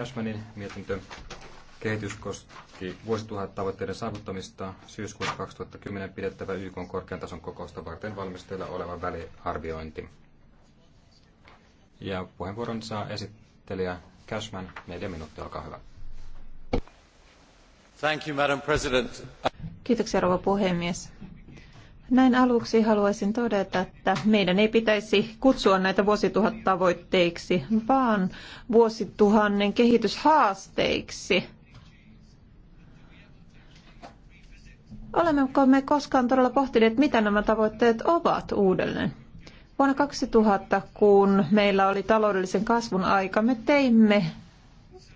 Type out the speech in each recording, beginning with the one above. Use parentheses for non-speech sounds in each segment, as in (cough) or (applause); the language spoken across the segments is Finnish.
Cashmanin mietintö kehitys koski vuosituhattavoitteiden saavuttamista syyskuussa 2010 pidettävä YK korkean tason kokousta varten valmisteilla oleva väliarviointi. Ja puheenvuoron saa esittelijä Cashman, neljä minuuttia, olkaa hyvä. Thank you, Madam President. Kiitoksia, rouva puhemies. Näin aluksi haluaisin todeta, että meidän ei pitäisi kutsua näitä vuosituhattavoitteiksi, vaan vuosituhannen kehityshaasteiksi. Olemmeko me koskaan todella pohtineet, mitä nämä tavoitteet ovat uudelleen? Vuonna 2000, kun meillä oli taloudellisen kasvun aika, me teimme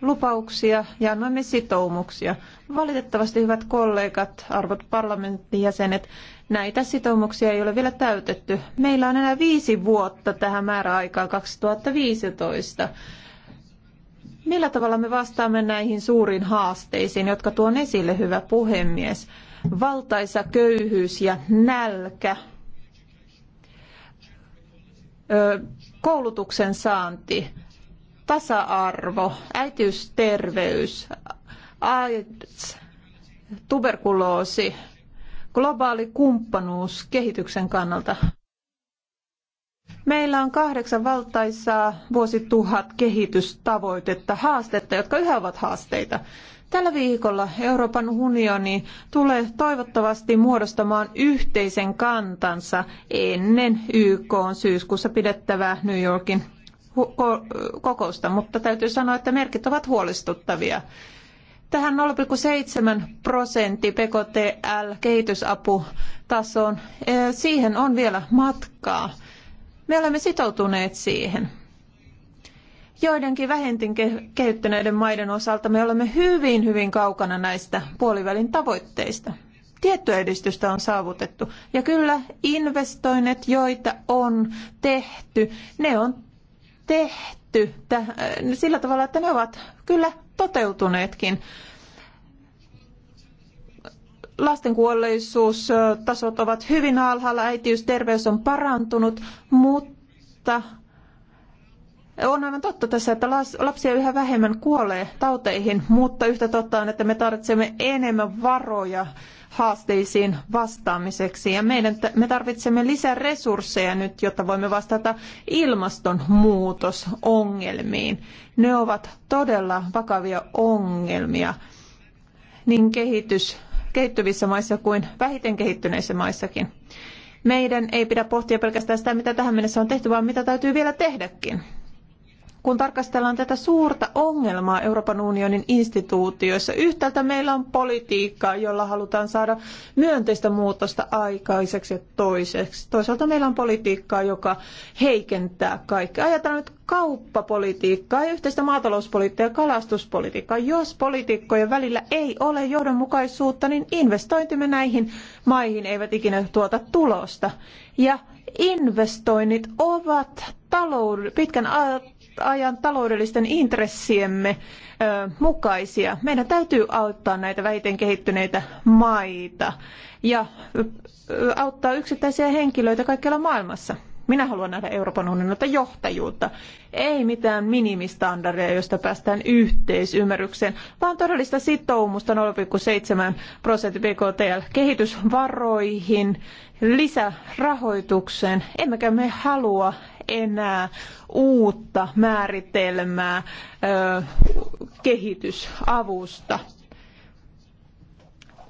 lupauksia ja annoimme sitoumuksia. Valitettavasti, hyvät kollegat, arvot parlamentin jäsenet, näitä sitoumuksia ei ole vielä täytetty. Meillä on enää viisi vuotta tähän määräaikaan 2015. Millä tavalla me vastaamme näihin suuriin haasteisiin, jotka tuon esille, hyvä puhemies? Valtaisa köyhyys ja nälkä, koulutuksen saanti, tasa-arvo, äitiysterveys, AIDS, tuberkuloosi, globaali kumppanuus kehityksen kannalta. Meillä on kahdeksan valtaisaa vuosituhat kehitystavoitetta, haastetta, jotka yhä ovat haasteita. Tällä viikolla Euroopan unioni tulee toivottavasti muodostamaan yhteisen kantansa ennen YK on syyskuussa pidettävää New Yorkin kokousta, mutta täytyy sanoa, että merkit ovat huolestuttavia. Tähän 0,7 prosentti PKTL-kehitysaputasoon, eh, siihen on vielä matkaa. Me olemme sitoutuneet siihen. Joidenkin vähentin kehittyneiden maiden osalta me olemme hyvin, hyvin kaukana näistä puolivälin tavoitteista. Tiettyä edistystä on saavutettu. Ja kyllä investoinnit, joita on tehty, ne on tehty äh, sillä tavalla, että ne ovat kyllä toteutuneetkin. Lasten kuolleisuustasot ovat hyvin alhaalla, äitiysterveys terveys on parantunut, mutta on aivan totta tässä, että lapsia yhä vähemmän kuolee tauteihin, mutta yhtä totta on, että me tarvitsemme enemmän varoja haasteisiin vastaamiseksi. Ja meidän, me tarvitsemme lisää resursseja nyt, jotta voimme vastata ilmastonmuutosongelmiin. Ne ovat todella vakavia ongelmia niin kehitys, kehittyvissä maissa kuin vähiten kehittyneissä maissakin. Meidän ei pidä pohtia pelkästään sitä, mitä tähän mennessä on tehty, vaan mitä täytyy vielä tehdäkin kun tarkastellaan tätä suurta ongelmaa Euroopan unionin instituutioissa. Yhtäältä meillä on politiikkaa, jolla halutaan saada myönteistä muutosta aikaiseksi ja toiseksi. Toisaalta meillä on politiikkaa, joka heikentää kaikkea. Ajatellaan nyt kauppapolitiikkaa, yhteistä maatalouspolitiikkaa ja kalastuspolitiikkaa. Jos politiikkojen välillä ei ole johdonmukaisuutta, niin investointimme näihin maihin eivät ikinä tuota tulosta. Ja investoinnit ovat talouden, pitkän ajan taloudellisten intressiemme mukaisia. Meidän täytyy auttaa näitä vähiten kehittyneitä maita ja auttaa yksittäisiä henkilöitä kaikkialla maailmassa. Minä haluan nähdä Euroopan unionilta johtajuutta. Ei mitään minimistandardeja, joista päästään yhteisymmärrykseen, vaan todellista sitoumusta 0,7 prosentin BKTL kehitysvaroihin, lisärahoitukseen. Emmekä me halua enää uutta määritelmää ö, kehitysavusta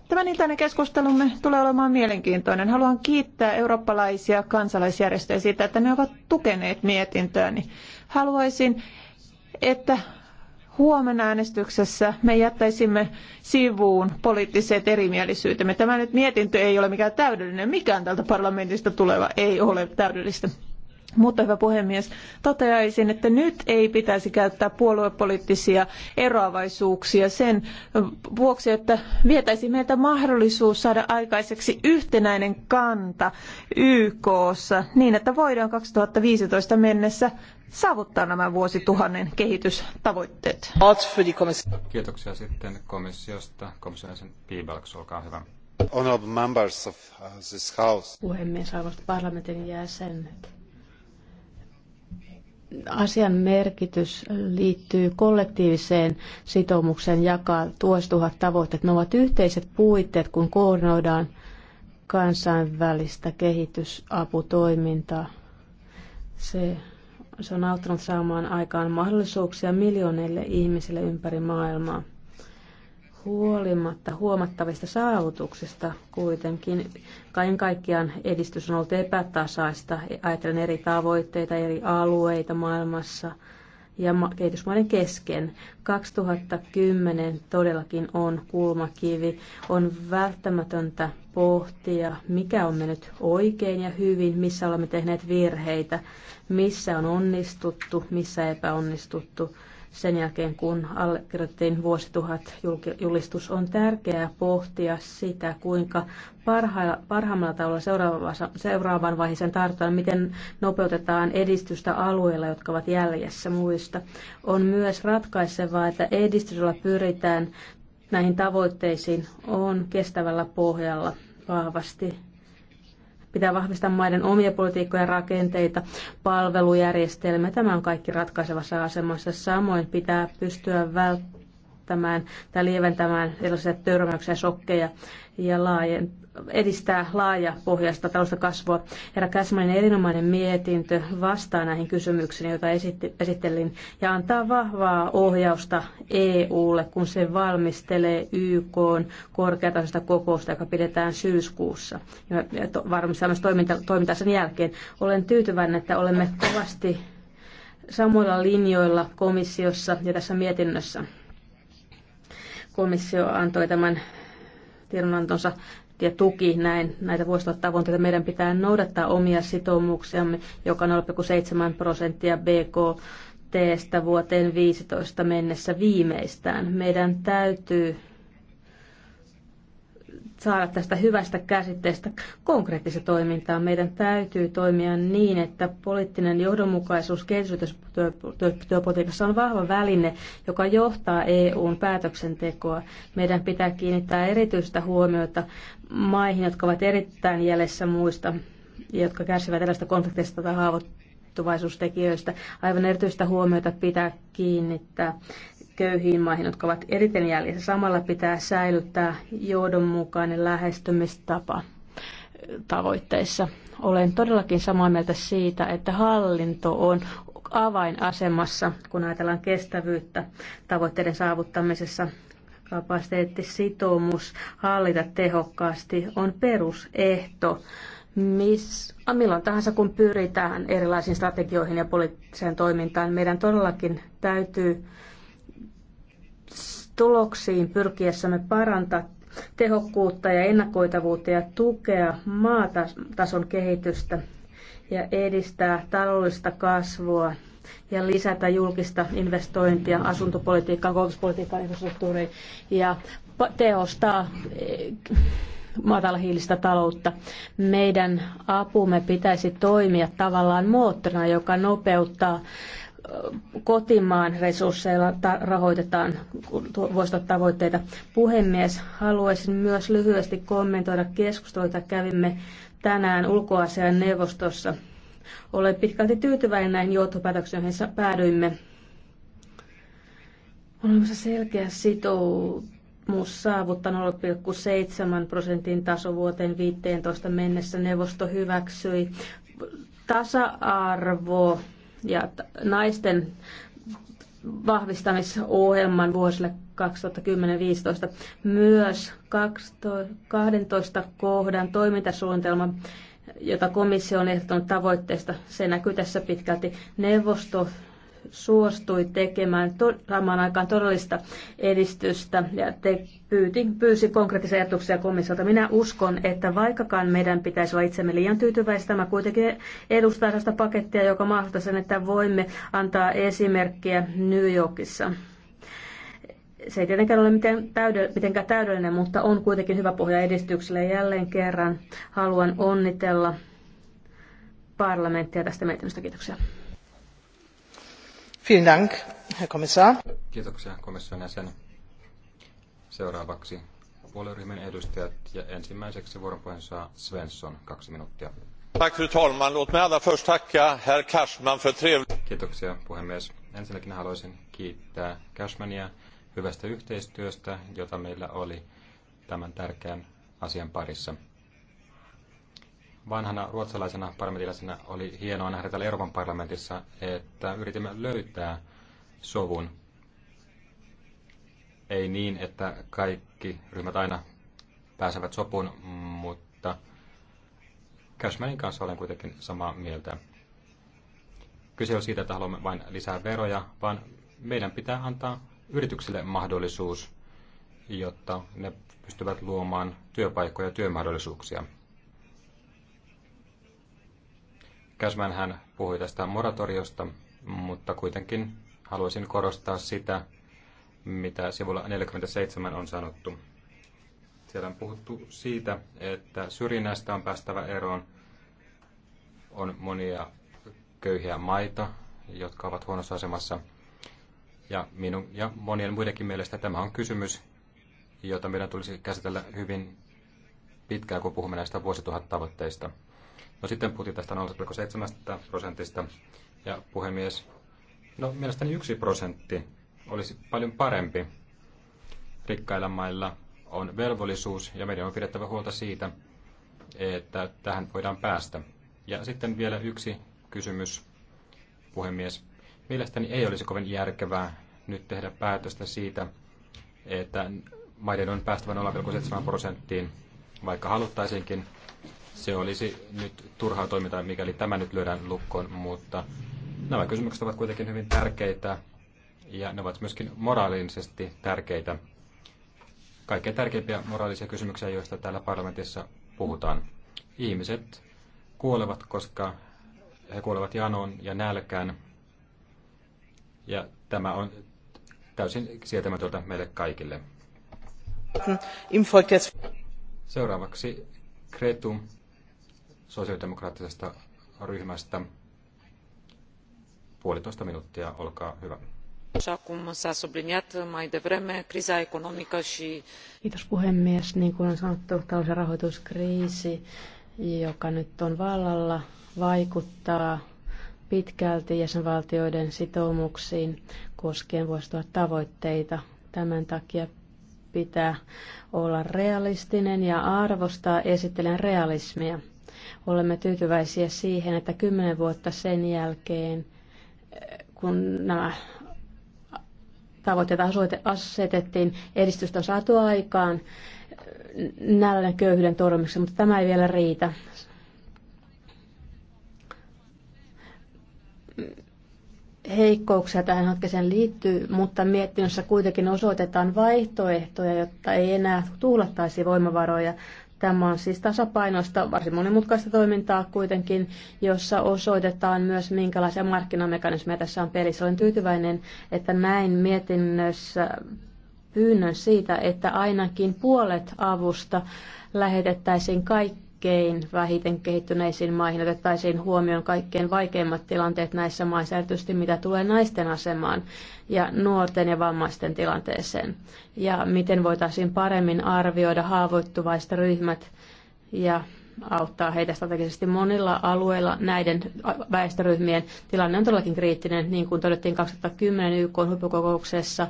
Tämän iltainen keskustelumme tulee olemaan mielenkiintoinen. Haluan kiittää eurooppalaisia kansalaisjärjestöjä siitä, että ne ovat tukeneet mietintöäni. Haluaisin, että huomenna äänestyksessä me jättäisimme sivuun poliittiset erimielisyytemme. Tämä nyt mietintö ei ole mikään täydellinen, mikään tältä parlamentista tuleva ei ole täydellistä. Mutta hyvä puhemies, toteaisin, että nyt ei pitäisi käyttää puoluepoliittisia eroavaisuuksia sen vuoksi, että vietäisi meiltä mahdollisuus saada aikaiseksi yhtenäinen kanta YKssa niin, että voidaan 2015 mennessä saavuttaa nämä vuosituhannen kehitystavoitteet. Kiitoksia sitten komissiosta. Komission jäsen Piibalks, olkaa hyvä. Honorable members of uh, this house. Puhemies, arvoisat parlamentin jäsen asian merkitys liittyy kollektiiviseen sitoumukseen jakaa tuostuhat tavoitteet. Ne ovat yhteiset puitteet, kun koordinoidaan kansainvälistä kehitysaputoimintaa. Se, se on auttanut saamaan aikaan mahdollisuuksia miljoonille ihmisille ympäri maailmaa. Huolimatta huomattavista saavutuksista kuitenkin kaiken kaikkiaan edistys on ollut epätasaista. Ajatellen eri tavoitteita, eri alueita maailmassa ja kehitysmaiden kesken. 2010 todellakin on kulmakivi. On välttämätöntä pohtia, mikä on mennyt oikein ja hyvin, missä olemme tehneet virheitä, missä on onnistuttu, missä epäonnistuttu sen jälkeen, kun allekirjoitettiin vuosituhat julistus, on tärkeää pohtia sitä, kuinka parhaimmalla tavalla seuraavan vaiheeseen tartutaan, miten nopeutetaan edistystä alueilla, jotka ovat jäljessä muista. On myös ratkaisevaa, että edistyksellä pyritään näihin tavoitteisiin on kestävällä pohjalla vahvasti Pitää vahvistaa maiden omia politiikkoja, rakenteita, palvelujärjestelmiä. Tämä on kaikki ratkaisevassa asemassa. Samoin pitää pystyä välttämään välttämään tai lieventämään sellaisia törmäyksiä ja shokkeja ja laajen, edistää laaja pohjasta talousta kasvua. Herra Käsmanin erinomainen mietintö vastaa näihin kysymyksiin, joita esittelin, ja antaa vahvaa ohjausta EUlle, kun se valmistelee YK korkeatasoista kokousta, joka pidetään syyskuussa. Ja varmistaa myös toiminta, toimintaa sen jälkeen. Olen tyytyväinen, että olemme kovasti samoilla linjoilla komissiossa ja tässä mietinnössä komissio antoi tämän tiedonantonsa ja tuki näin näitä vuosituhattavoitteita. Meidän pitää noudattaa omia sitoumuksiamme, joka on 0,7 prosenttia BKT vuoteen 15 mennessä viimeistään. Meidän täytyy saada tästä hyvästä käsitteestä konkreettista toimintaa. Meidän täytyy toimia niin, että poliittinen johdonmukaisuus kehitysyhteistyöpolitiikassa on vahva väline, joka johtaa EUn päätöksentekoa. Meidän pitää kiinnittää erityistä huomiota maihin, jotka ovat erittäin jäljessä muista, jotka kärsivät tällaista konflikteista tai haavoittuvaisuustekijöistä. Aivan erityistä huomiota pitää kiinnittää köyhiin maihin, jotka ovat eriten jäljessä. Samalla pitää säilyttää johdonmukainen lähestymistapa tavoitteissa. Olen todellakin samaa mieltä siitä, että hallinto on avainasemassa, kun ajatellaan kestävyyttä tavoitteiden saavuttamisessa. Kapasiteettisitoumus hallita tehokkaasti on perusehto miss, milloin tahansa kun pyritään erilaisiin strategioihin ja poliittiseen toimintaan, meidän todellakin täytyy tuloksiin pyrkiessämme parantaa tehokkuutta ja ennakoitavuutta ja tukea maatason kehitystä ja edistää taloudellista kasvua ja lisätä julkista investointia asuntopolitiikkaan, koulutuspolitiikkaan, infrastruktuuriin ja tehostaa eh, matalahiilistä taloutta. Meidän apumme pitäisi toimia tavallaan moottorina, joka nopeuttaa kotimaan resursseilla rahoitetaan vuostotavoitteita. Puhemies, haluaisin myös lyhyesti kommentoida keskustelua, jota kävimme tänään ulkoasian neuvostossa. Olen pitkälti tyytyväinen näihin johtopäätöksiin, joihin päädyimme. Olemassa selkeä sitoumus saavuttaa 0,7 prosentin taso vuoteen 15 mennessä. Neuvosto hyväksyi tasa-arvo ja naisten vahvistamisohjelman vuosille 2010-2015. Myös 12 kohdan toimintasuunnitelma, jota komissio on ehdottanut tavoitteesta, se näkyy tässä pitkälti. Neuvosto suostui tekemään to- saamaan aikaan todellista edistystä ja te pyyti, pyysi konkreettisia ajatuksia komissiolta. Minä uskon, että vaikkakaan meidän pitäisi olla itsemme liian tyytyväistä, mä kuitenkin edustan tästä pakettia, joka mahdollistaa sen, että voimme antaa esimerkkiä New Yorkissa se ei tietenkään ole mitenkään täydellinen, mutta on kuitenkin hyvä pohja edistykselle. Jälleen kerran haluan onnitella parlamenttia tästä mietinnöstä. Kiitoksia. Vielen Dank, Herr Kommissar. Kiitoksia komission jäsen. Seuraavaksi puolueryhmän edustajat ja ensimmäiseksi vuoropuheen saa Svensson, kaksi minuuttia. Tack fru talman. Låt mig allra först tacka herr Cashman för Kiitoksia puhemies. Ensinnäkin haluaisin kiittää Cashmania hyvästä yhteistyöstä, jota meillä oli tämän tärkeän asian parissa vanhana ruotsalaisena parlamentilaisena oli hienoa nähdä täällä Euroopan parlamentissa, että yritimme löytää sovun. Ei niin, että kaikki ryhmät aina pääsevät sopuun, mutta Cashmanin kanssa olen kuitenkin samaa mieltä. Kyse on siitä, että haluamme vain lisää veroja, vaan meidän pitää antaa yrityksille mahdollisuus, jotta ne pystyvät luomaan työpaikkoja ja työmahdollisuuksia. Käsmän hän puhui tästä moratoriosta, mutta kuitenkin haluaisin korostaa sitä, mitä sivulla 47 on sanottu. Siellä on puhuttu siitä, että syrjinnästä on päästävä eroon. On monia köyhiä maita, jotka ovat huonossa asemassa. Ja minun ja monien muidenkin mielestä tämä on kysymys, jota meidän tulisi käsitellä hyvin pitkään, kun puhumme näistä vuosituhat tavoitteista No sitten puhuttiin tästä 0,7 prosentista ja puhemies, no mielestäni yksi prosentti olisi paljon parempi. Rikkailla mailla on velvollisuus ja meidän on pidettävä huolta siitä, että tähän voidaan päästä. Ja sitten vielä yksi kysymys, puhemies. Mielestäni ei olisi kovin järkevää nyt tehdä päätöstä siitä, että maiden on päästävä 0,7 prosenttiin, vaikka haluttaisinkin, se olisi nyt turhaa toimintaa, mikäli tämä nyt lyödään lukkoon, mutta nämä kysymykset ovat kuitenkin hyvin tärkeitä ja ne ovat myöskin moraalisesti tärkeitä. Kaikkein tärkeimpiä moraalisia kysymyksiä, joista täällä parlamentissa puhutaan. Ihmiset kuolevat, koska he kuolevat janoon ja nälkään. Ja tämä on täysin sietämätöntä meille kaikille. Seuraavaksi Kretu sosiaalidemokraattisesta ryhmästä. Puolitoista minuuttia, olkaa hyvä. Kiitos puhemies. Niin kuin on sanottu, talous- ja rahoituskriisi, joka nyt on vallalla, vaikuttaa pitkälti jäsenvaltioiden sitoumuksiin koskien tavoitteita. Tämän takia pitää olla realistinen ja arvostaa esittelen realismia. Olemme tyytyväisiä siihen, että kymmenen vuotta sen jälkeen, eh, kun nämä tavoitteet asetettiin, edistystä on saatu aikaan eh, nälän köyhyyden torjumiseksi, mutta tämä ei vielä riitä heikkouksia tähän hankkeeseen liittyy, mutta mietinnössä kuitenkin osoitetaan vaihtoehtoja, jotta ei enää tuhlattaisi voimavaroja. Tämä on siis tasapainoista, varsin monimutkaista toimintaa kuitenkin, jossa osoitetaan myös, minkälaisia markkinamekanismeja tässä on pelissä. Olen tyytyväinen, että näin mietinnössä pyynnön siitä, että ainakin puolet avusta lähetettäisiin kaikki kaikkein vähiten kehittyneisiin maihin otettaisiin huomioon kaikkein vaikeimmat tilanteet näissä maissa, erityisesti mitä tulee naisten asemaan ja nuorten ja vammaisten tilanteeseen. Ja miten voitaisiin paremmin arvioida haavoittuvaiset ryhmät ja auttaa heitä strategisesti monilla alueilla. Näiden väestöryhmien tilanne on todellakin kriittinen, niin kuin todettiin 2010 YK huippukokouksessa.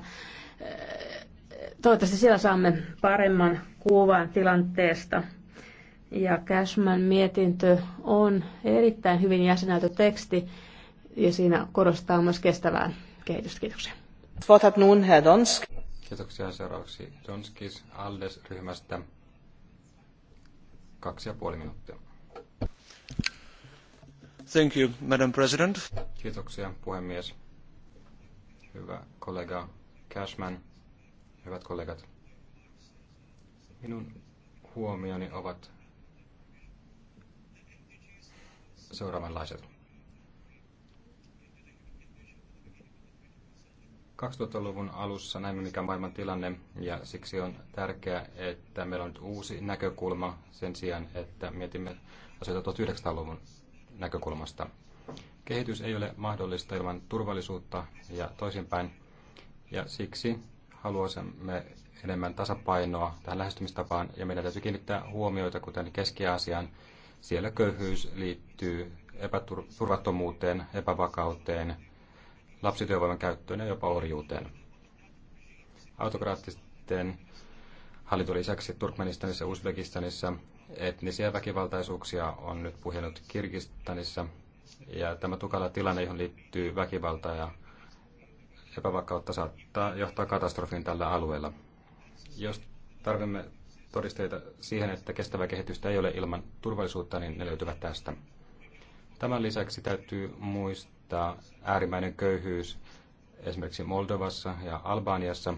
Toivottavasti siellä saamme paremman kuvan tilanteesta ja Cashman mietintö on erittäin hyvin jäsenelty teksti ja siinä korostaa myös kestävää kehitystä. Kiitoksia. Svatat nun, herr Donsk. Kiitoksia seuraavaksi Donskis Aldes-ryhmästä. Kaksi ja puoli minuuttia. Thank you, Madam President. Kiitoksia, puhemies. Hyvä kollega Cashman, hyvät kollegat. Minun huomioni ovat seuraavanlaiset. 2000-luvun alussa näimme, mikä maailman tilanne, ja siksi on tärkeää, että meillä on nyt uusi näkökulma sen sijaan, että mietimme asioita 1900-luvun näkökulmasta. Kehitys ei ole mahdollista ilman turvallisuutta ja toisinpäin, ja siksi haluaisimme enemmän tasapainoa tähän lähestymistapaan, ja meidän täytyy kiinnittää huomioita, kuten keski siellä köyhyys liittyy epäturvattomuuteen, epävakauteen, lapsityövoiman käyttöön ja jopa orjuuteen. Autokraattisten hallinto lisäksi Turkmenistanissa ja Uzbekistanissa etnisiä väkivaltaisuuksia on nyt puhjennut Kirgistanissa. Ja tämä tukala tilanne, johon liittyy väkivaltaa ja epävakautta, saattaa johtaa katastrofiin tällä alueella. Jos tarvitsemme todisteita siihen, että kestävää kehitystä ei ole ilman turvallisuutta, niin ne löytyvät tästä. Tämän lisäksi täytyy muistaa äärimmäinen köyhyys esimerkiksi Moldovassa ja Albaniassa.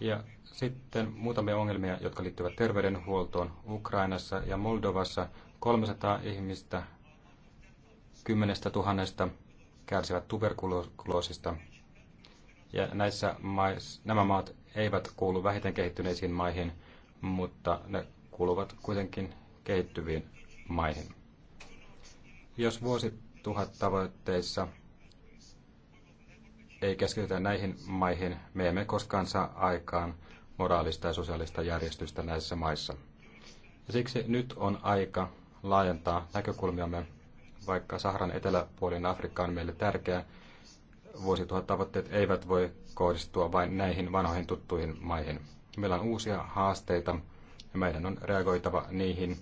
Ja sitten muutamia ongelmia, jotka liittyvät terveydenhuoltoon Ukrainassa ja Moldovassa. 300 ihmistä 10 000 kärsivät tuberkuloosista. Ja näissä mais, nämä maat eivät kuulu vähiten kehittyneisiin maihin – mutta ne kuuluvat kuitenkin kehittyviin maihin. Jos vuosituhat tavoitteissa ei keskitytä näihin maihin, me emme koskaan saa aikaan moraalista ja sosiaalista järjestystä näissä maissa. Ja siksi nyt on aika laajentaa näkökulmiamme, vaikka Saharan eteläpuolin Afrikka on meille tärkeä. Vuosituhat tavoitteet eivät voi kohdistua vain näihin vanhoihin tuttuihin maihin. Meillä on uusia haasteita ja meidän on reagoitava niihin.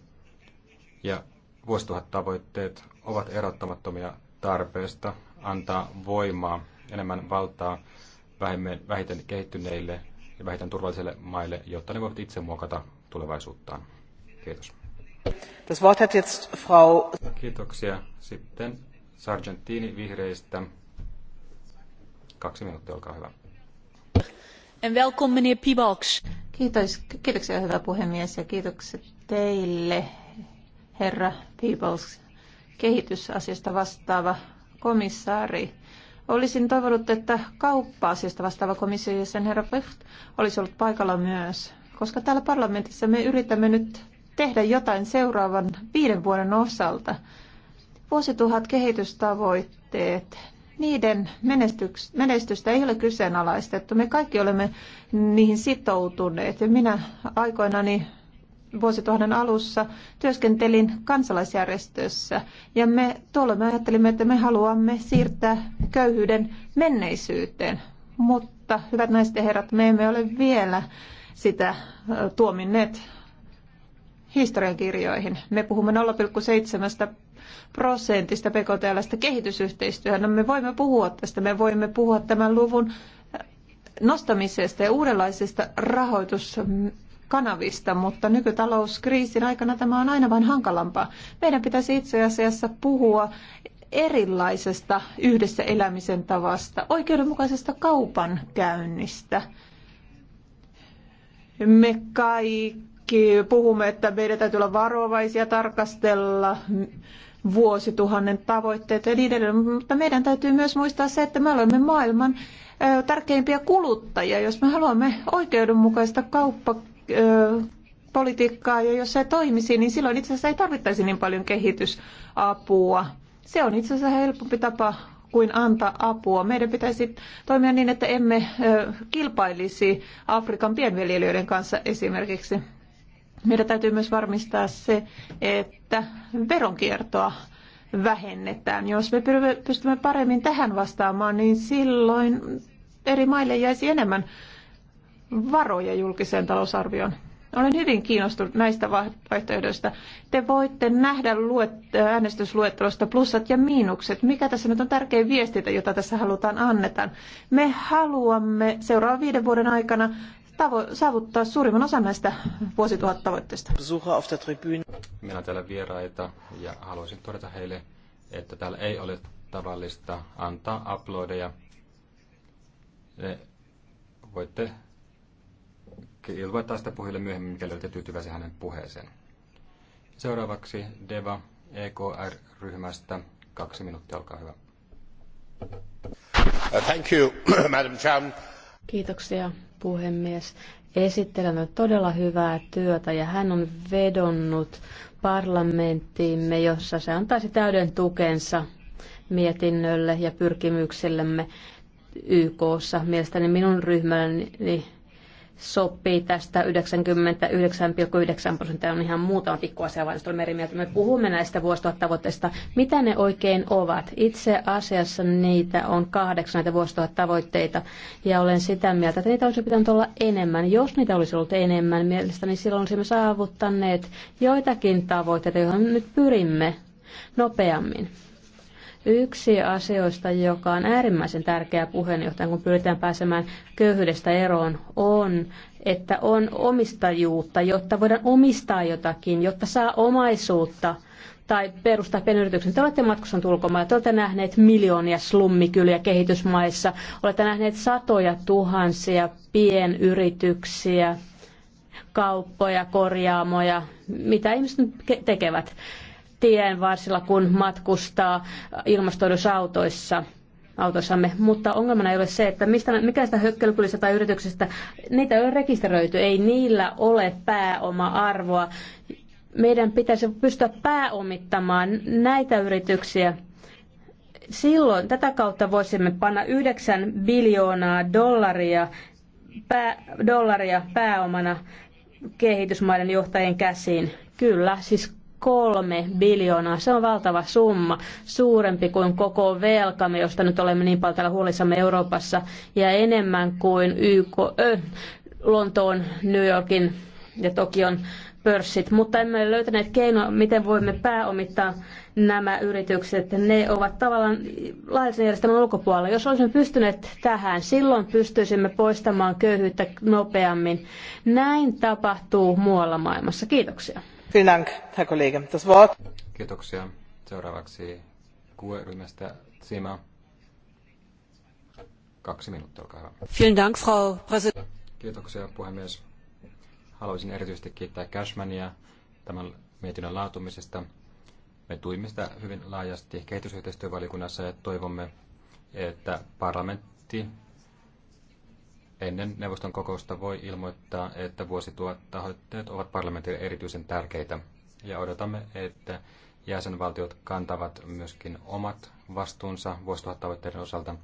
Ja vuosituhattavoitteet ovat erottamattomia tarpeesta antaa voimaa, enemmän valtaa vähemmän, vähiten kehittyneille ja vähiten turvallisille maille, jotta ne voivat itse muokata tulevaisuuttaan. Kiitos. Das Wort hat jetzt Frau... Kiitoksia. Sitten Sargentini vihreistä. Kaksi minuuttia, olkaa hyvä. En welkom, meneer Piebalgs. Kiitos, kiitoksia, hyvä puhemies, ja kiitokset teille, herra Piebalgs, kehitysasiasta vastaava komissaari. Olisin toivonut, että kauppa-asiasta vastaava komissio ja sen herra Pecht olisi ollut paikalla myös, koska täällä parlamentissa me yritämme nyt tehdä jotain seuraavan viiden vuoden osalta. Vuosituhat kehitystavoitteet, niiden menestystä ei ole kyseenalaistettu. Me kaikki olemme niihin sitoutuneet. Ja minä aikoinani vuosituhannen alussa työskentelin kansalaisjärjestössä ja me me ajattelimme, että me haluamme siirtää köyhyyden menneisyyteen. Mutta hyvät naiset ja herrat, me emme ole vielä sitä tuominneet historiankirjoihin. Me puhumme 0,7 prosentista PKTLstä kehitysyhteistyöhön. No me voimme puhua tästä, me voimme puhua tämän luvun äh, nostamisesta ja uudenlaisista rahoituskanavista, mutta nykytalouskriisin aikana tämä on aina vain hankalampaa. Meidän pitäisi itse asiassa puhua erilaisesta yhdessä elämisen tavasta, oikeudenmukaisesta kaupankäynnistä. Me kaikki kaikki puhumme, että meidän täytyy olla varovaisia, tarkastella vuosituhannen tavoitteet ja niin edelleen, mutta meidän täytyy myös muistaa se, että me olemme maailman tärkeimpiä kuluttajia, jos me haluamme oikeudenmukaista kauppapolitiikkaa ja jos se toimisi, niin silloin itse asiassa ei tarvittaisi niin paljon kehitysapua. Se on itse asiassa helpompi tapa kuin antaa apua. Meidän pitäisi toimia niin, että emme kilpailisi Afrikan pienviljelijöiden kanssa esimerkiksi. Meidän täytyy myös varmistaa se, että veronkiertoa vähennetään. Jos me pystymme paremmin tähän vastaamaan, niin silloin eri maille jäisi enemmän varoja julkiseen talousarvioon. Olen hyvin kiinnostunut näistä vaihtoehdoista. Te voitte nähdä luet, äänestysluettelosta plussat ja miinukset. Mikä tässä nyt on tärkeä viestintä, jota tässä halutaan annetaan? Me haluamme seuraavan viiden vuoden aikana tavo- saavuttaa suurimman osan näistä vuosituhattavoitteista. Meillä on täällä vieraita ja haluaisin todeta heille, että täällä ei ole tavallista antaa uploadeja. Ne voitte ilmoittaa sitä puhujille myöhemmin, mikäli olette tyytyväisiä hänen puheeseen. Seuraavaksi Deva EKR-ryhmästä. Kaksi minuuttia, olkaa hyvä. Thank you, (clears throat) Madam Chairman. Kiitoksia puhemies. Esittelemme todella hyvää työtä ja hän on vedonnut parlamenttiimme, jossa se antaisi täyden tukensa mietinnölle ja pyrkimyksillemme YKssa. Mielestäni minun ryhmäni sopii tästä 99,9 prosenttia on ihan muutama pikku asia, vaan on eri mieltä. Me puhumme näistä vuosituhattavoitteista. Mitä ne oikein ovat? Itse asiassa niitä on kahdeksan näitä vuosituhattavoitteita, ja olen sitä mieltä, että niitä olisi pitänyt olla enemmän. Jos niitä olisi ollut enemmän, mielestäni silloin olisimme saavuttaneet joitakin tavoitteita, joihin nyt pyrimme nopeammin. Yksi asioista, joka on äärimmäisen tärkeä puheenjohtajan, kun pyritään pääsemään köyhyydestä eroon, on, että on omistajuutta, jotta voidaan omistaa jotakin, jotta saa omaisuutta tai perustaa pienyrityksen. Te olette matkustan ulkomailla, te olette nähneet miljoonia slummikyliä kehitysmaissa, olette nähneet satoja tuhansia pienyrityksiä, kauppoja, korjaamoja, mitä ihmiset tekevät tien varsilla, kun matkustaa ilmastoidussa autoissa autossamme, mutta ongelmana ei ole se, että mistä, mikä sitä hökkelykylistä tai yrityksestä, niitä ei ole rekisteröity, ei niillä ole pääoma-arvoa. Meidän pitäisi pystyä pääomittamaan näitä yrityksiä. Silloin tätä kautta voisimme panna 9 biljoonaa dollaria, pää, dollaria pääomana kehitysmaiden johtajien käsiin. Kyllä, siis kolme biljoonaa. Se on valtava summa, suurempi kuin koko velkamme, josta nyt olemme niin paljon täällä huolissamme Euroopassa, ja enemmän kuin YK, ö, Lontoon, New Yorkin ja Tokion pörssit, mutta emme löytäneet keinoa, miten voimme pääomittaa nämä yritykset. Ne ovat tavallaan laillisen järjestelmän ulkopuolella. Jos olisimme pystyneet tähän, silloin pystyisimme poistamaan köyhyyttä nopeammin. Näin tapahtuu muualla maailmassa. Kiitoksia. Kiitoksia. Seuraavaksi QE-ryhmästä Sima. Kaksi minuuttia, olkaa hyvä. Dank, Frau Kiitoksia, puhemies. Haluaisin erityisesti kiittää Cashmania tämän mietinnön laatumisesta. Me tuimme sitä hyvin laajasti kehitysyhteistyövaliokunnassa ja toivomme, että parlamentti ennen neuvoston kokousta voi ilmoittaa, että vuosituottavoitteet ovat parlamentille erityisen tärkeitä. Ja odotamme, että jäsenvaltiot kantavat myöskin omat vastuunsa vuosituhattavoitteiden osalta,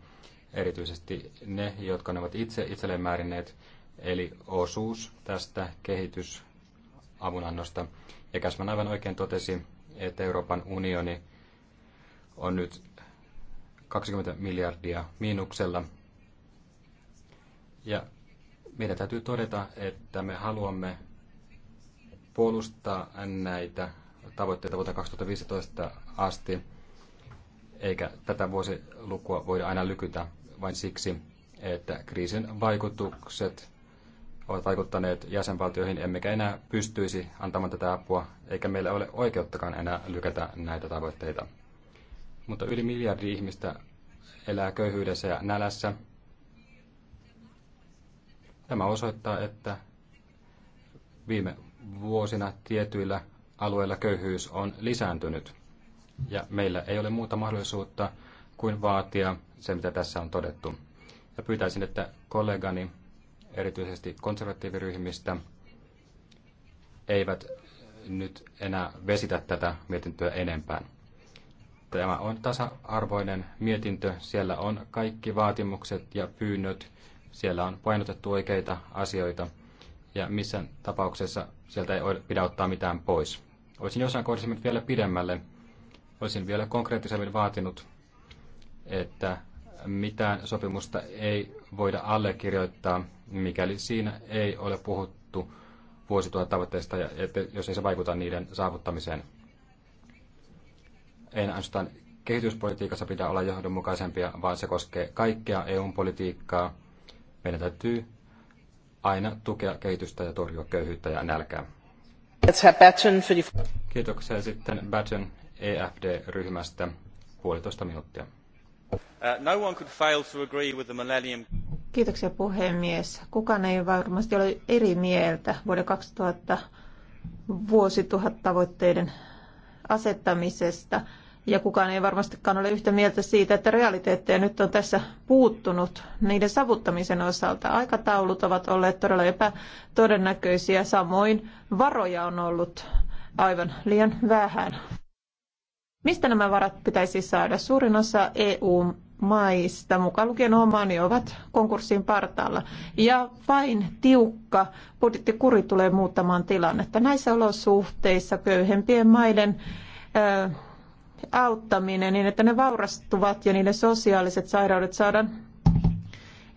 erityisesti ne, jotka ne ovat itse itselleen määrinneet, eli osuus tästä kehitysavunannosta. Ja Käsman aivan oikein totesi, että Euroopan unioni on nyt 20 miljardia miinuksella ja meidän täytyy todeta, että me haluamme puolustaa näitä tavoitteita vuoteen 2015 asti, eikä tätä vuosilukua voida aina lykytä vain siksi, että kriisin vaikutukset ovat vaikuttaneet jäsenvaltioihin, emmekä enää pystyisi antamaan tätä apua, eikä meillä ole oikeuttakaan enää lykätä näitä tavoitteita. Mutta yli miljardi ihmistä elää köyhyydessä ja nälässä, Tämä osoittaa, että viime vuosina tietyillä alueilla köyhyys on lisääntynyt. Ja meillä ei ole muuta mahdollisuutta kuin vaatia se, mitä tässä on todettu. Ja pyytäisin, että kollegani, erityisesti konservatiiviryhmistä, eivät nyt enää vesitä tätä mietintöä enempään. Tämä on tasa-arvoinen mietintö. Siellä on kaikki vaatimukset ja pyynnöt, siellä on painotettu oikeita asioita ja missä tapauksessa sieltä ei pidä ottaa mitään pois. Olisin jossain kohdassa mennyt vielä pidemmälle. Olisin vielä konkreettisemmin vaatinut, että mitään sopimusta ei voida allekirjoittaa, mikäli siinä ei ole puhuttu tavoitteista ja että jos ei se vaikuta niiden saavuttamiseen. Ei ainoastaan kehityspolitiikassa pitää olla johdonmukaisempia, vaan se koskee kaikkea eu politiikkaa, meidän täytyy aina tukea kehitystä ja torjua köyhyyttä ja nälkää. Kiitoksia sitten Batten EFD-ryhmästä puolitoista minuuttia. Kiitoksia puhemies. Kukaan ei varmasti ole eri mieltä vuoden 2000 vuosituhat tavoitteiden asettamisesta – ja kukaan ei varmastikaan ole yhtä mieltä siitä, että realiteetteja nyt on tässä puuttunut niiden savuttamisen osalta. Aikataulut ovat olleet todella epätodennäköisiä, samoin varoja on ollut aivan liian vähän. Mistä nämä varat pitäisi saada? Suurin osa EU maista, mukaan lukien omaani, ovat konkurssin partaalla. Ja vain tiukka budjettikuri tulee muuttamaan tilannetta. Näissä olosuhteissa köyhempien maiden auttaminen niin, että ne vaurastuvat ja niiden sosiaaliset sairaudet saadaan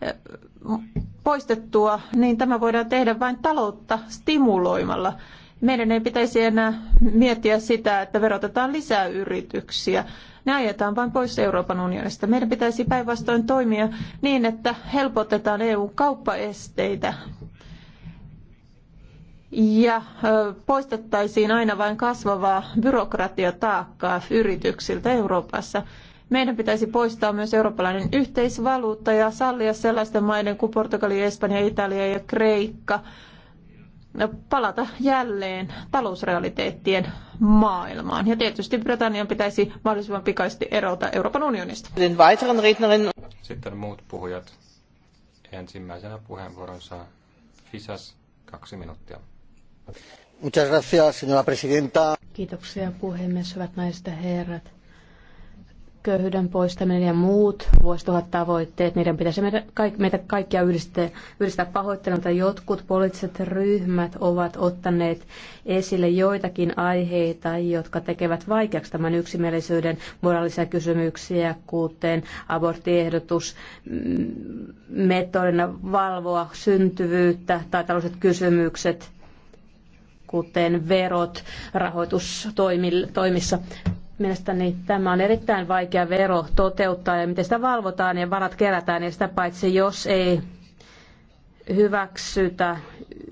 eh, poistettua, niin tämä voidaan tehdä vain taloutta stimuloimalla. Meidän ei pitäisi enää miettiä sitä, että verotetaan lisää yrityksiä. Ne ajetaan vain pois Euroopan unionista. Meidän pitäisi päinvastoin toimia niin, että helpotetaan EU-kauppaesteitä ja poistettaisiin aina vain kasvavaa byrokratiataakkaa yrityksiltä Euroopassa. Meidän pitäisi poistaa myös eurooppalainen yhteisvaluutta ja sallia sellaisten maiden kuin Portugali, Espanja, Italia ja Kreikka palata jälleen talousrealiteettien maailmaan. Ja tietysti Britannian pitäisi mahdollisimman pikaisesti erota Euroopan unionista. Sitten muut puhujat. Ensimmäisenä puheenvuoronsa Fisas kaksi minuuttia señora presidenta. Kiitoksia puhemies, hyvät naiset ja herrat. Köyhyyden poistaminen ja muut vuosituhat tavoitteet, niiden pitäisi meitä, kaik, meitä kaikkia yhdistää, yhdistää että Jotkut poliittiset ryhmät ovat ottaneet esille joitakin aiheita, jotka tekevät vaikeaksi tämän yksimielisyyden moraalisia kysymyksiä, kuten aborttiehdotus, metodina valvoa syntyvyyttä tai tällaiset kysymykset – kuten verot rahoitustoimissa. Mielestäni tämä on erittäin vaikea vero toteuttaa ja miten sitä valvotaan ja varat kerätään ja sitä paitsi jos ei hyväksytä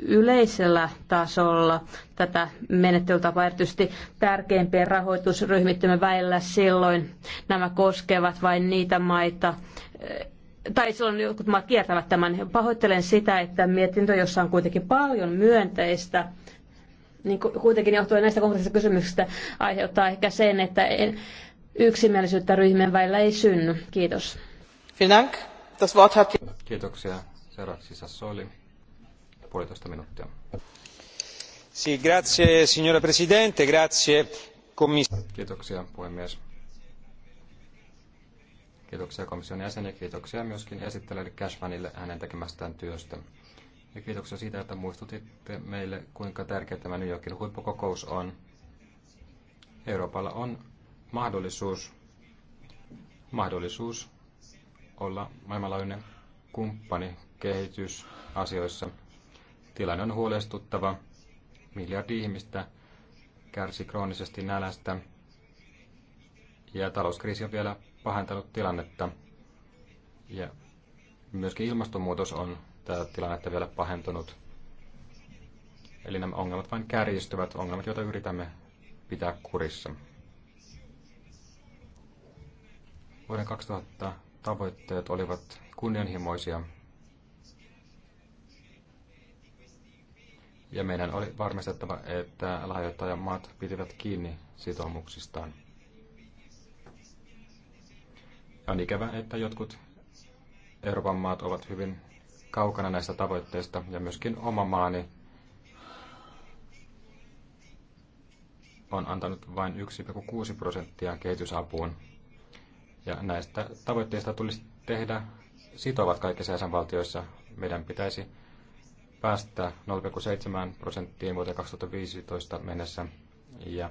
yleisellä tasolla tätä menettelytapaa erityisesti tärkeimpien rahoitusryhmittymien välillä silloin nämä koskevat vain niitä maita, eh, tai silloin jotkut maat kiertävät tämän. Pahoittelen sitä, että mietintö, jossa on kuitenkin paljon myönteistä, niin kuitenkin johtuen näistä konkreettisista kysymyksistä aiheuttaa ehkä sen, että yksimielisyyttä ryhmien välillä ei synny. Kiitos. Kiitoksia. Seuraavaksi Sassoli. Puolitoista minuuttia. Sì, grazie signora Presidente, grazie commissario. Kiitoksia puhemies. Kiitoksia komission jäseniä, kiitoksia myöskin esittelijälle Cashmanille hänen tekemästään työstä. Ja kiitoksia siitä, että muistutitte meille, kuinka tärkeä tämä New Yorkin huippukokous on. Euroopalla on mahdollisuus, mahdollisuus olla maailmanlaajuinen kumppani kehitysasioissa. Tilanne on huolestuttava. Miljardi ihmistä kärsi kroonisesti nälästä ja talouskriisi on vielä pahentanut tilannetta. Ja myöskin ilmastonmuutos on tätä tilannetta vielä pahentunut. Eli nämä ongelmat vain kärjistyvät, ongelmat, joita yritämme pitää kurissa. Vuoden 2000 tavoitteet olivat kunnianhimoisia. Ja meidän oli varmistettava, että lahjoittajamaat pitivät kiinni sitoumuksistaan. On ikävä, että jotkut Euroopan maat ovat hyvin kaukana näistä tavoitteista ja myöskin oma maani on antanut vain 1,6 prosenttia kehitysapuun. Ja näistä tavoitteista tulisi tehdä sitovat kaikissa jäsenvaltioissa. Meidän pitäisi päästä 0,7 prosenttiin vuoteen 2015 mennessä. Ja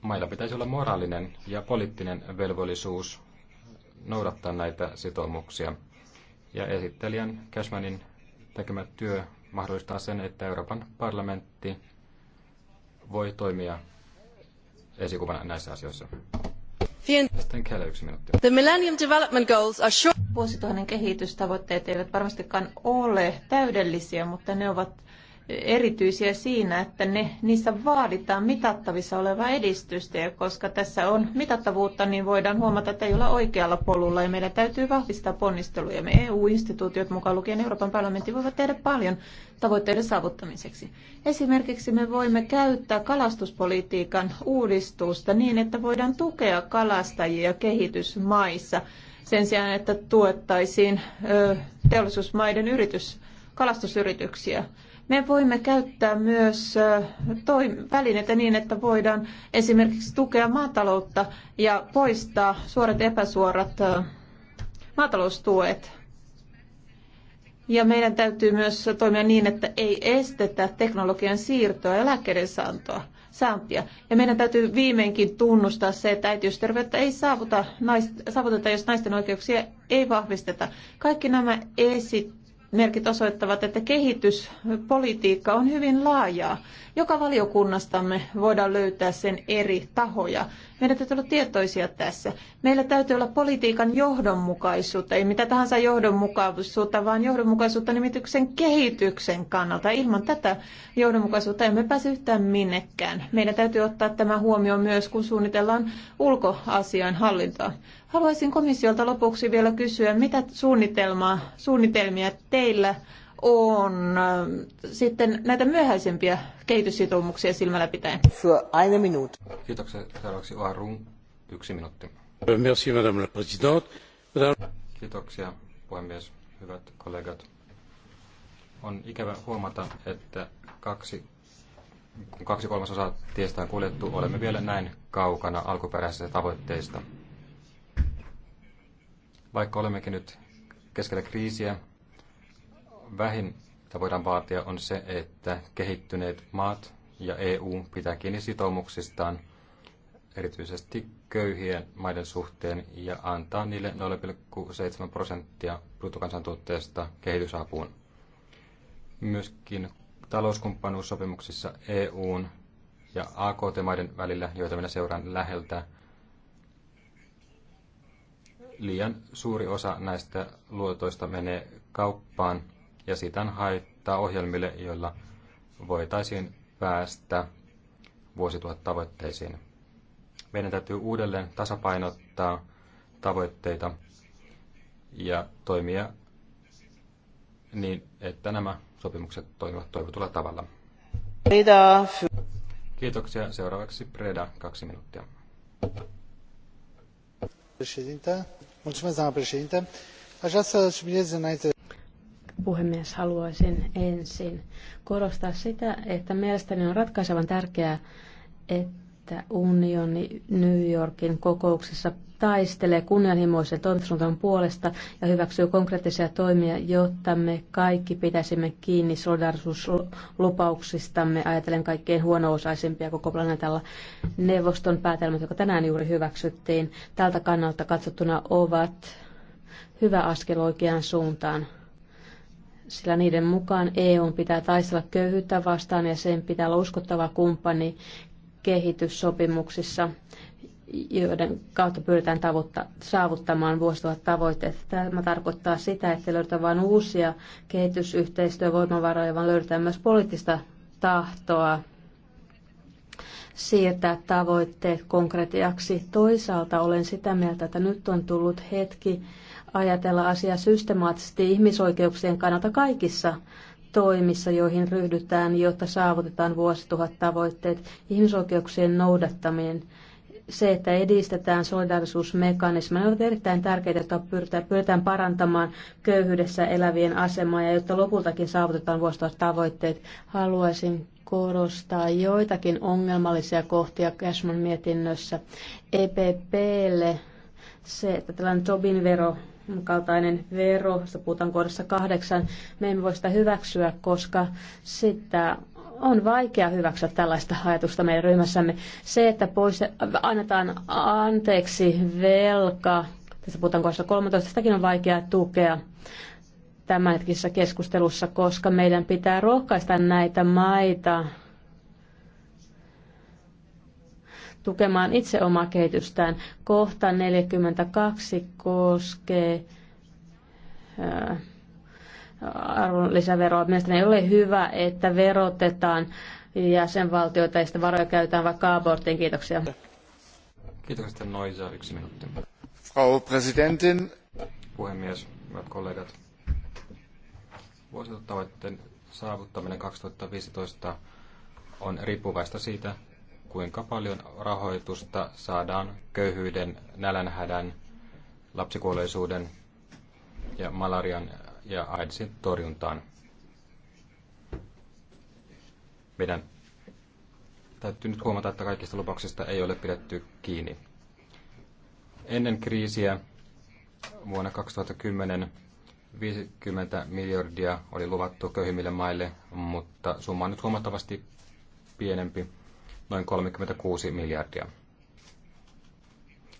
mailla pitäisi olla moraalinen ja poliittinen velvollisuus noudattaa näitä sitoumuksia. Ja esittelijän Cashmanin tekemä työ mahdollistaa sen, että Euroopan parlamentti voi toimia esikuvana näissä asioissa. Sitten Kelle yksi minuutti. The Millennium Development Goals are short... Vuosituhannen kehitystavoitteet eivät varmastikaan ole täydellisiä, mutta ne ovat erityisiä siinä, että ne, niissä vaaditaan mitattavissa olevaa edistystä, ja koska tässä on mitattavuutta, niin voidaan huomata, että ei olla oikealla polulla, ja meidän täytyy vahvistaa ponnisteluja. Me EU-instituutiot, mukaan lukien Euroopan parlamentti, voivat tehdä paljon tavoitteiden saavuttamiseksi. Esimerkiksi me voimme käyttää kalastuspolitiikan uudistusta niin, että voidaan tukea kalastajia kehitysmaissa, sen sijaan, että tuettaisiin teollisuusmaiden yritys, kalastusyrityksiä. Me voimme käyttää myös välineitä niin, että voidaan esimerkiksi tukea maataloutta ja poistaa suorat epäsuorat maataloustuet. Ja meidän täytyy myös toimia niin, että ei estetä teknologian siirtoa ja lääkkeiden saantoa, saantia. Ja meidän täytyy viimeinkin tunnustaa se, että äitiysterveyttä ei saavuta, naist, saavuteta, jos naisten oikeuksia ei vahvisteta. Kaikki nämä esit, merkit osoittavat, että kehityspolitiikka on hyvin laajaa. Joka valiokunnastamme voidaan löytää sen eri tahoja. Meidän täytyy olla tietoisia tässä. Meillä täytyy olla politiikan johdonmukaisuutta, ei mitä tahansa johdonmukaisuutta, vaan johdonmukaisuutta nimityksen kehityksen kannalta. Ilman tätä johdonmukaisuutta emme pääse yhtään minnekään. Meidän täytyy ottaa tämä huomioon myös, kun suunnitellaan ulkoasian Haluaisin komissiolta lopuksi vielä kysyä, mitä suunnitelmaa, suunnitelmia teillä on ähm, sitten näitä myöhäisempiä kehityssitoumuksia silmällä pitäen? Für eine Minute. Kiitoksia. Seuraavaksi Oarun. Yksi minuutti. Euh, merci, madame la présidente. Madame... Kiitoksia, puhemies. Hyvät kollegat. On ikävä huomata, että kaksi, kaksi kolmasosaa tiestä on kuljettu, olemme vielä näin kaukana alkuperäisistä tavoitteista – vaikka olemmekin nyt keskellä kriisiä, vähin, mitä voidaan vaatia, on se, että kehittyneet maat ja EU pitää kiinni sitoumuksistaan, erityisesti köyhien maiden suhteen, ja antaa niille 0,7 prosenttia bruttokansantuotteesta kehitysapuun. Myöskin talouskumppanuussopimuksissa EUn ja AKT-maiden välillä, joita minä seuraan läheltä, liian suuri osa näistä luotoista menee kauppaan ja siitä haittaa ohjelmille, joilla voitaisiin päästä vuosituhattavoitteisiin. Meidän täytyy uudelleen tasapainottaa tavoitteita ja toimia niin, että nämä sopimukset toimivat toivotulla tavalla. Kiitoksia. Seuraavaksi Preda, kaksi minuuttia. Președinte, Puhemies, haluaisin ensin korostaa sitä, että mielestäni on ratkaisevan tärkeää, että että unioni New Yorkin kokouksessa taistelee kunnianhimoisen toimintasuunnitelman puolesta ja hyväksyy konkreettisia toimia, jotta me kaikki pitäisimme kiinni solidarisuuslupauksistamme, ajatellen kaikkein huono-osaisimpia koko planeetalla. Neuvoston päätelmät, jotka tänään juuri hyväksyttiin, tältä kannalta katsottuna ovat hyvä askel oikeaan suuntaan sillä niiden mukaan EU pitää taistella köyhyyttä vastaan ja sen pitää olla uskottava kumppani kehityssopimuksissa, joiden kautta pyritään tavoitta, saavuttamaan vuosituhat tavoitteet. Tämä tarkoittaa sitä, että löydetään vain uusia kehitysyhteistyövoimavaroja, vaan löydetään myös poliittista tahtoa siirtää tavoitteet konkretiaksi. Toisaalta olen sitä mieltä, että nyt on tullut hetki ajatella asiaa systemaattisesti ihmisoikeuksien kannalta kaikissa toimissa, joihin ryhdytään, jotta saavutetaan vuosituhat tavoitteet. Ihmisoikeuksien noudattaminen, se, että edistetään ne ovat erittäin tärkeitä, jotta pyritään, pyritään parantamaan köyhyydessä elävien asemaa ja jotta lopultakin saavutetaan vuosituhat tavoitteet. Haluaisin korostaa joitakin ongelmallisia kohtia Cashman mietinnössä. EPPlle se, että tällainen Tobin vero kaltainen vero, josta puhutaan kohdassa kahdeksan, me emme voi sitä hyväksyä, koska sitä on vaikea hyväksyä tällaista ajatusta meidän ryhmässämme. Se, että pois, annetaan anteeksi velka, tässä puhutaan kohdassa 13, sitäkin on vaikea tukea tämänhetkisessä keskustelussa, koska meidän pitää rohkaista näitä maita tukemaan itse omaa kehitystään. Kohta 42 koskee äh, arvonlisäveroa. Mielestäni ei ole hyvä, että verotetaan jäsenvaltioita ja sitten varoja käytetään vaikka aborttiin. Kiitoksia. Kiitoksia, Noisa. Yksi minuutti. Frau Präsidentin. Puhemies, hyvät kollegat. Vuositavoitteen saavuttaminen 2015 on riippuvaista siitä, kuinka paljon rahoitusta saadaan köyhyyden, nälänhädän, lapsikuolleisuuden ja malarian ja AIDSin torjuntaan. Meidän täytyy nyt huomata, että kaikista lupauksista ei ole pidetty kiinni. Ennen kriisiä vuonna 2010 50 miljardia oli luvattu köyhimmille maille, mutta summa on nyt huomattavasti pienempi noin 36 miljardia.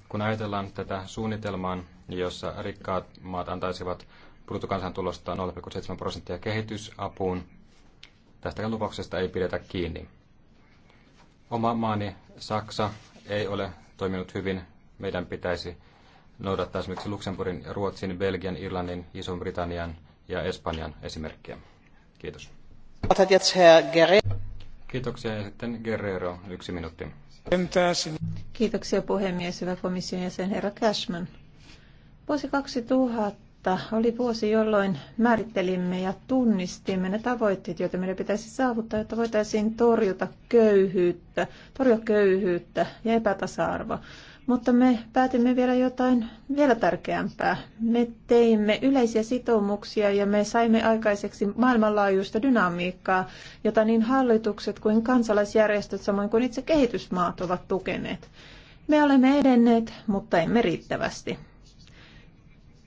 Kun ajatellaan tätä suunnitelmaa, jossa rikkaat maat antaisivat bruttokansantulosta 0,7 prosenttia kehitysapuun, tästä lupauksesta ei pidetä kiinni. Oma maani Saksa ei ole toiminut hyvin. Meidän pitäisi noudattaa esimerkiksi Luxemburgin, Ruotsin, Belgian, Irlannin, iso britannian ja Espanjan esimerkkiä. Kiitos. Kiitoksia ja sitten Guerrero, yksi minuutti. Kiitoksia puhemies, hyvä komission jäsen herra Cashman. Vuosi 2000 oli vuosi, jolloin määrittelimme ja tunnistimme ne tavoitteet, joita meidän pitäisi saavuttaa, jotta voitaisiin torjuta köyhyyttä, torjua köyhyyttä ja epätasa-arvoa. Mutta me päätimme vielä jotain vielä tärkeämpää. Me teimme yleisiä sitoumuksia ja me saimme aikaiseksi maailmanlaajuista dynamiikkaa, jota niin hallitukset kuin kansalaisjärjestöt samoin kuin itse kehitysmaat ovat tukeneet. Me olemme edenneet, mutta emme riittävästi.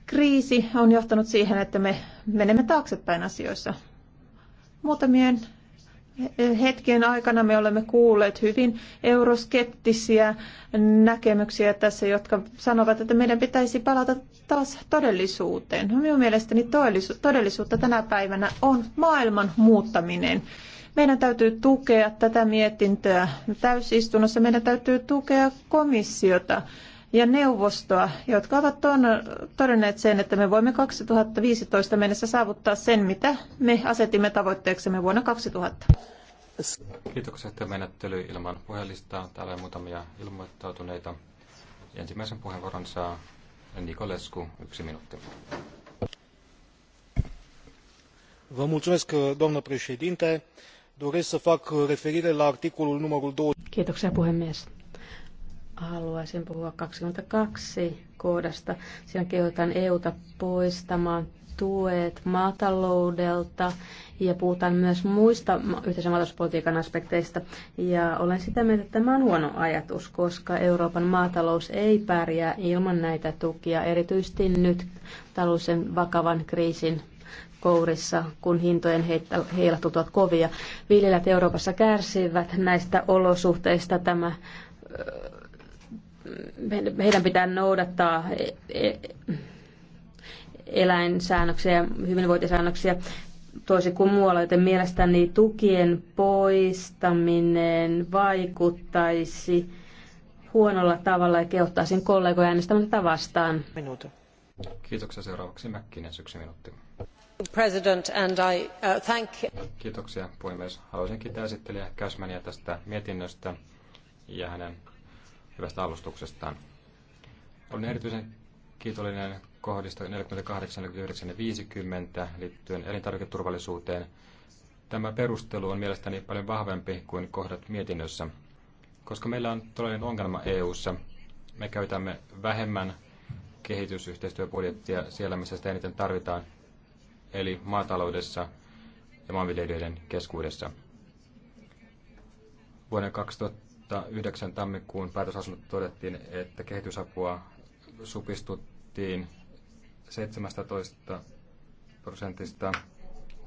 Kriisi on johtanut siihen, että me menemme taaksepäin asioissa. Muutamien hetken aikana me olemme kuulleet hyvin euroskeptisiä näkemyksiä tässä, jotka sanovat, että meidän pitäisi palata taas todellisuuteen. Minun mielestäni todellisuutta tänä päivänä on maailman muuttaminen. Meidän täytyy tukea tätä mietintöä täysistunnossa. Meidän täytyy tukea komissiota ja neuvostoa, jotka ovat todenneet sen, että me voimme 2015 mennessä saavuttaa sen, mitä me asetimme tavoitteeksemme vuonna 2000. Kiitoksia, että menettely ilman puhelista. Täällä on muutamia ilmoittautuneita. Ensimmäisen puheenvuoron saa Nikolesku, yksi minuutti. Vă mulțumesc, doamnă președinte. Doresc să fac referire la articolul numărul 2. Kiitoksia, puhemies haluaisin puhua 22 kohdasta. Siinä kehotetaan EUta poistamaan tuet maataloudelta ja puhutaan myös muista yhteisen maatalouspolitiikan aspekteista. Ja olen sitä mieltä, että tämä on huono ajatus, koska Euroopan maatalous ei pärjää ilman näitä tukia, erityisesti nyt talousen vakavan kriisin kourissa, kun hintojen heilahtut ovat kovia. Viljelijät Euroopassa kärsivät näistä olosuhteista. Tämä heidän pitää noudattaa e- e- eläinsäännöksiä ja hyvinvointisäännöksiä toisin kuin muualla, joten mielestäni tukien poistaminen vaikuttaisi huonolla tavalla ja kehottaisin kollegoja äänestämään tätä vastaan. Minuutin. Kiitoksia seuraavaksi Mäkkinen yksi minuutti. President and I, uh, thank... Kiitoksia puhemies. Haluaisin kiittää esittelijä Käsmäniä tästä mietinnöstä ja hänen hyvästä alustuksestaan. Olen erityisen kiitollinen kohdista 48, 49 ja 50 liittyen elintarviketurvallisuuteen. Tämä perustelu on mielestäni paljon vahvempi kuin kohdat mietinnössä, koska meillä on todellinen ongelma EU:ssa. Me käytämme vähemmän kehitysyhteistyöbudjettia siellä, missä sitä eniten tarvitaan, eli maataloudessa ja maanviljelijöiden keskuudessa. Vuoden 2000 9. tammikuun päätösasematta todettiin, että kehitysapua supistuttiin 17 prosentista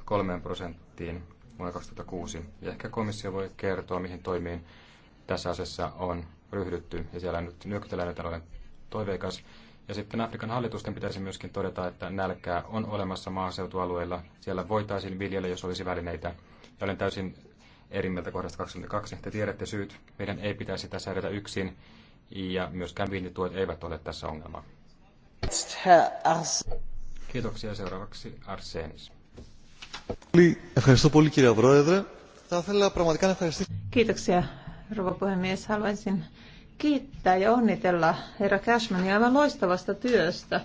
3 prosenttiin vuonna 2006. Ja ehkä komissio voi kertoa, mihin toimiin tässä asiassa on ryhdytty. Ja siellä nyt nyökytellään, että olen toiveikas. Ja sitten Afrikan hallitusten pitäisi myöskin todeta, että nälkää on olemassa maaseutualueilla. Siellä voitaisiin viljellä, jos olisi välineitä. Ja olen täysin eri mieltä kohdasta 22. Te tiedätte syyt. Meidän ei pitäisi tässä säädetä yksin ja myöskään viinituet eivät ole tässä ongelma. Kiitoksia. Seuraavaksi Arsenis. Kiitoksia, rouva puhemies. Haluaisin kiittää ja onnitella herra Cashmania aivan loistavasta työstä.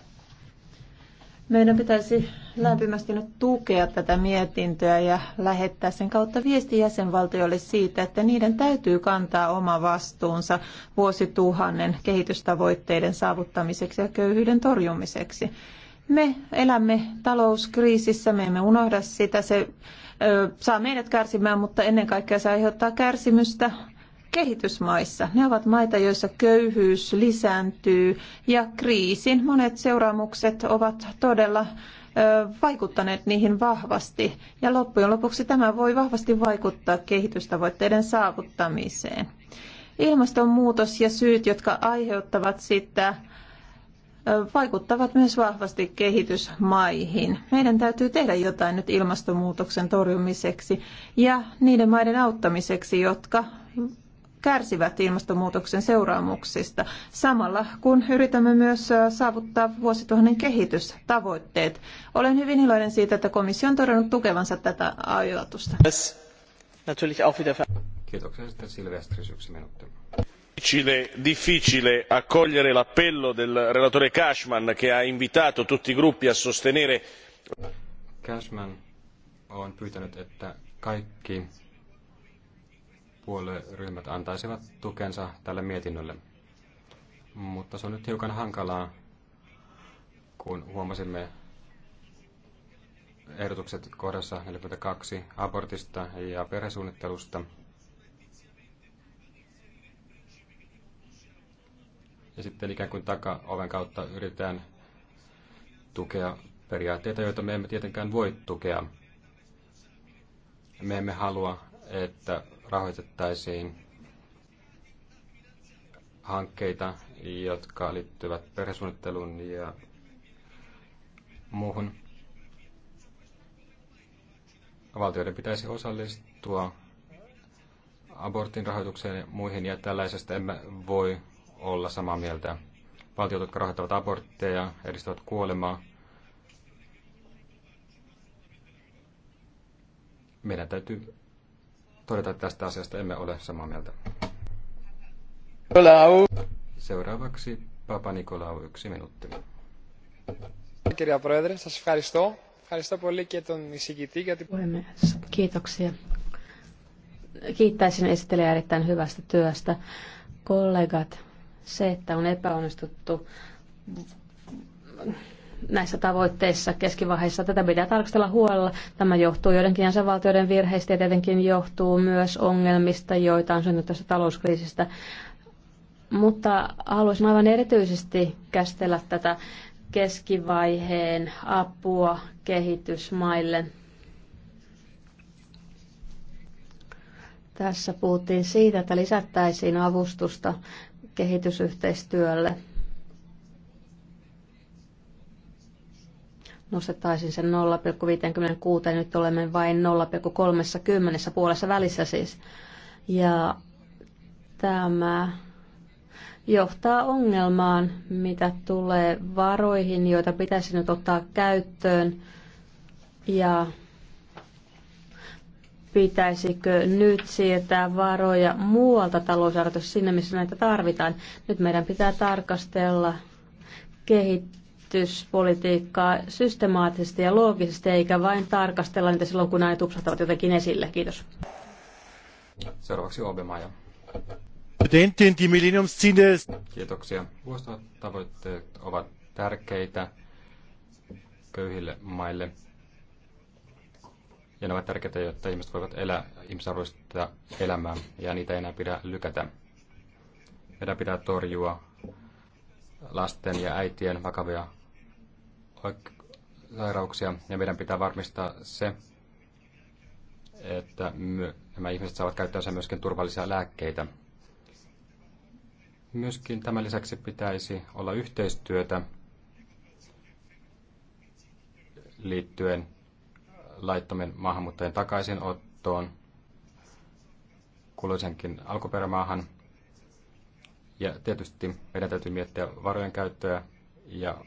Meidän pitäisi lämpimästi nyt tukea tätä mietintöä ja lähettää sen kautta viesti jäsenvaltioille siitä, että niiden täytyy kantaa oma vastuunsa vuosituhannen kehitystavoitteiden saavuttamiseksi ja köyhyyden torjumiseksi. Me elämme talouskriisissä, me emme unohda sitä, se ö, saa meidät kärsimään, mutta ennen kaikkea se aiheuttaa kärsimystä kehitysmaissa. Ne ovat maita, joissa köyhyys lisääntyy ja kriisin monet seuraamukset ovat todella vaikuttaneet niihin vahvasti. Ja loppujen lopuksi tämä voi vahvasti vaikuttaa kehitystavoitteiden saavuttamiseen. Ilmastonmuutos ja syyt, jotka aiheuttavat sitä, vaikuttavat myös vahvasti kehitysmaihin. Meidän täytyy tehdä jotain nyt ilmastonmuutoksen torjumiseksi ja niiden maiden auttamiseksi, jotka kärsivät ilmastonmuutoksen seuraamuksista, samalla kun yritämme myös saavuttaa vuosituhannen kehitystavoitteet. Olen hyvin iloinen siitä, että komissio on todennut tukevansa tätä ajatusta. Kiitoksia sitten Silvestris yksi minuutti. Difficile, difficile accogliere l'appello del relatore Cashman che ha invitato tutti i gruppi a sostenere. Cashman on pyytänyt, että kaikki puolueryhmät antaisivat tukensa tälle mietinnölle. Mutta se on nyt hiukan hankalaa, kun huomasimme ehdotukset kohdassa 42 abortista ja perhesuunnittelusta. Ja sitten ikään kuin takaoven kautta yritetään tukea periaatteita, joita me emme tietenkään voi tukea. Me emme halua, että rahoitettaisiin hankkeita, jotka liittyvät perhesuunnitteluun ja muuhun. Valtioiden pitäisi osallistua abortin rahoitukseen ja muihin, ja tällaisesta emme voi olla samaa mieltä. Valtiot, jotka rahoittavat abortteja, edistävät kuolemaa. Meidän täytyy todeta, että tästä asiasta emme ole samaa mieltä. Nikolau. Seuraavaksi Papa Nikolau, yksi minuutti. Kirja Proedre, σας ευχαριστώ. Ευχαριστώ πολύ και τον Puhemies, kiitoksia. Kiittäisin esittelijä erittäin hyvästä työstä. Kollegat, se, että on epäonnistuttu näissä tavoitteissa keskivaiheessa. Tätä pitää tarkastella huolella. Tämä johtuu joidenkin jäsenvaltioiden virheistä ja tietenkin johtuu myös ongelmista, joita on syntynyt tästä talouskriisistä. Mutta haluaisin aivan erityisesti käsitellä tätä keskivaiheen apua kehitysmaille. Tässä puhuttiin siitä, että lisättäisiin avustusta kehitysyhteistyölle nostettaisiin sen 0,56, niin nyt olemme vain 0,30 puolessa välissä siis. Ja tämä johtaa ongelmaan, mitä tulee varoihin, joita pitäisi nyt ottaa käyttöön. Ja pitäisikö nyt siirtää varoja muualta talousarviossa sinne, missä näitä tarvitaan. Nyt meidän pitää tarkastella kehittää kehityspolitiikkaa systemaattisesti ja loogisesti, eikä vain tarkastella niitä silloin, kun näin tupsahtavat jotenkin esille. Kiitos. Seuraavaksi Obemaja. Kiitoksia. Vuositavoitteet ovat tärkeitä köyhille maille. Ja ne ovat tärkeitä, jotta ihmiset voivat elää ihmisarvoista elämää, ja niitä ei enää pidä lykätä. Meidän pitää torjua lasten ja äitien vakavia sairauksia ja meidän pitää varmistaa se, että nämä ihmiset saavat käyttäänsä myöskin turvallisia lääkkeitä. Myöskin tämän lisäksi pitäisi olla yhteistyötä liittyen laittomien maahanmuuttajien takaisinottoon kulloisenkin alkuperämaahan. Ja tietysti meidän täytyy miettiä varojen käyttöä ja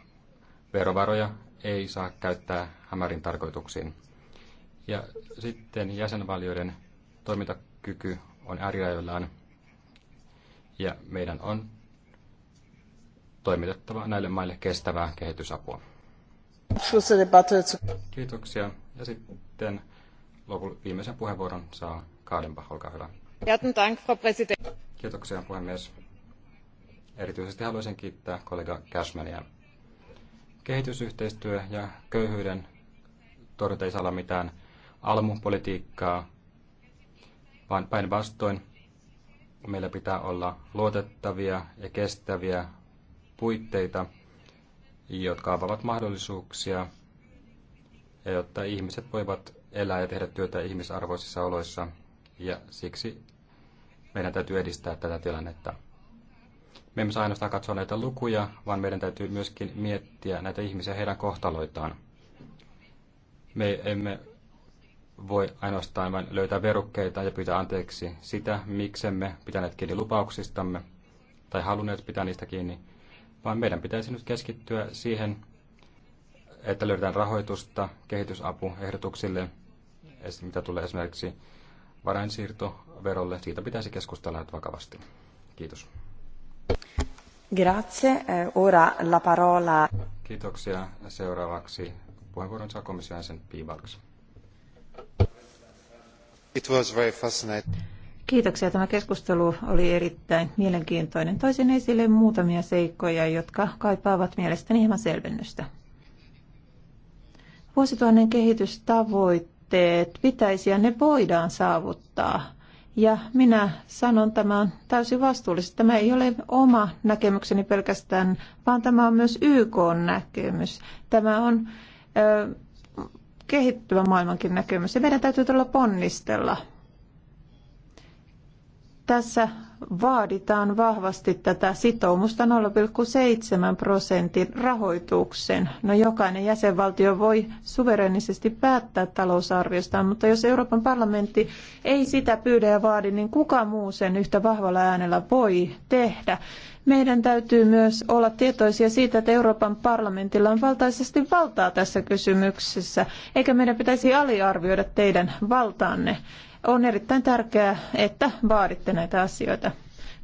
verovaroja ei saa käyttää hämärin tarkoituksiin. Ja sitten jäsenvaltioiden toimintakyky on äärirajoillaan ja meidän on toimitettava näille maille kestävää kehitysapua. Kiitoksia. Ja sitten lopun viimeisen puheenvuoron saa Kaadenbach, olkaa hyvä. Kiitoksia puhemies. Erityisesti haluaisin kiittää kollega Cashmania. Kehitysyhteistyö ja köyhyyden torjunta ei saa olla mitään almupolitiikkaa, vaan päinvastoin meillä pitää olla luotettavia ja kestäviä puitteita, jotka avaavat mahdollisuuksia ja jotta ihmiset voivat elää ja tehdä työtä ihmisarvoisissa oloissa. Ja siksi meidän täytyy edistää tätä tilannetta. Me emme saa ainoastaan katsoa näitä lukuja, vaan meidän täytyy myöskin miettiä näitä ihmisiä heidän kohtaloitaan. Me emme voi ainoastaan vain löytää verukkeita ja pyytää anteeksi sitä, miksemme pitäneet kiinni lupauksistamme tai halunneet pitää niistä kiinni, vaan meidän pitäisi nyt keskittyä siihen, että löydetään rahoitusta kehitysapuehdotuksille, mitä tulee esimerkiksi varainsiirtoverolle. Siitä pitäisi keskustella nyt vakavasti. Kiitos. Grazie. Eh, ora la parola. Kiitoksia. Seuraavaksi puheenvuoron saa komission jäsen Piibalks. It was very fascinating. Kiitoksia. Tämä keskustelu oli erittäin mielenkiintoinen. Toisin esille muutamia seikkoja, jotka kaipaavat mielestäni hieman selvennystä. Vuosituhannen kehitystavoitteet pitäisi ja ne voidaan saavuttaa ja minä sanon tämän täysin vastuullisesti. Tämä ei ole oma näkemykseni pelkästään, vaan tämä on myös YK näkemys. Tämä on ö, kehittyvä maailmankin näkemys. Ja meidän täytyy tulla ponnistella. Tässä vaaditaan vahvasti tätä sitoumusta 0,7 prosentin rahoitukseen. No jokainen jäsenvaltio voi suverenisesti päättää talousarviostaan, mutta jos Euroopan parlamentti ei sitä pyydä ja vaadi, niin kuka muu sen yhtä vahvalla äänellä voi tehdä? Meidän täytyy myös olla tietoisia siitä, että Euroopan parlamentilla on valtaisesti valtaa tässä kysymyksessä, eikä meidän pitäisi aliarvioida teidän valtaanne on erittäin tärkeää, että vaaditte näitä asioita.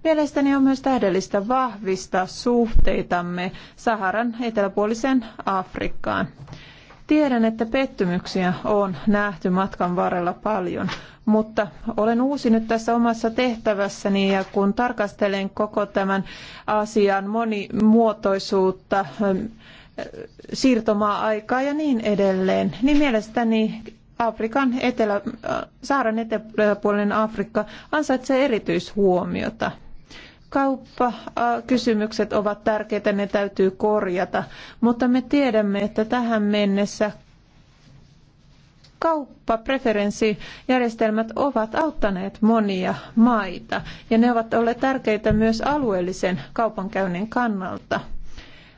Mielestäni on myös tähdellistä vahvistaa suhteitamme Saharan eteläpuoliseen Afrikkaan. Tiedän, että pettymyksiä on nähty matkan varrella paljon, mutta olen uusi nyt tässä omassa tehtävässäni ja kun tarkastelen koko tämän asian monimuotoisuutta, siirtomaa-aikaa ja niin edelleen, niin mielestäni Afrikan etelä, Saaran eteläpuolinen Afrikka ansaitsee erityishuomiota. Kauppakysymykset ovat tärkeitä, ne täytyy korjata, mutta me tiedämme, että tähän mennessä kauppapreferenssijärjestelmät ovat auttaneet monia maita ja ne ovat olleet tärkeitä myös alueellisen kaupankäynnin kannalta.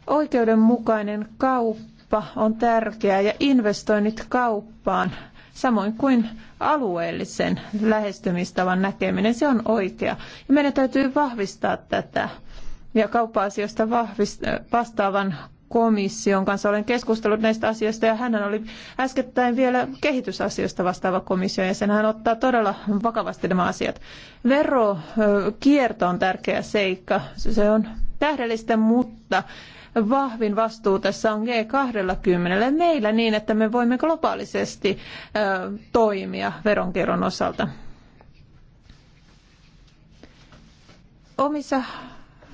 Oikeudenmukainen kauppa kauppa on tärkeää ja investoinnit kauppaan, samoin kuin alueellisen lähestymistavan näkeminen, se on oikea. Ja meidän täytyy vahvistaa tätä. Ja kauppa-asioista vastaavan komission kanssa. Olen keskustellut näistä asioista ja hän oli äskettäin vielä kehitysasioista vastaava komissio ja sen hän ottaa todella vakavasti nämä asiat. Verokierto on tärkeä seikka. Se on tähdellistä, mutta vahvin vastuu tässä on G20 meillä niin, että me voimme globaalisesti toimia veronkierron osalta. Omissa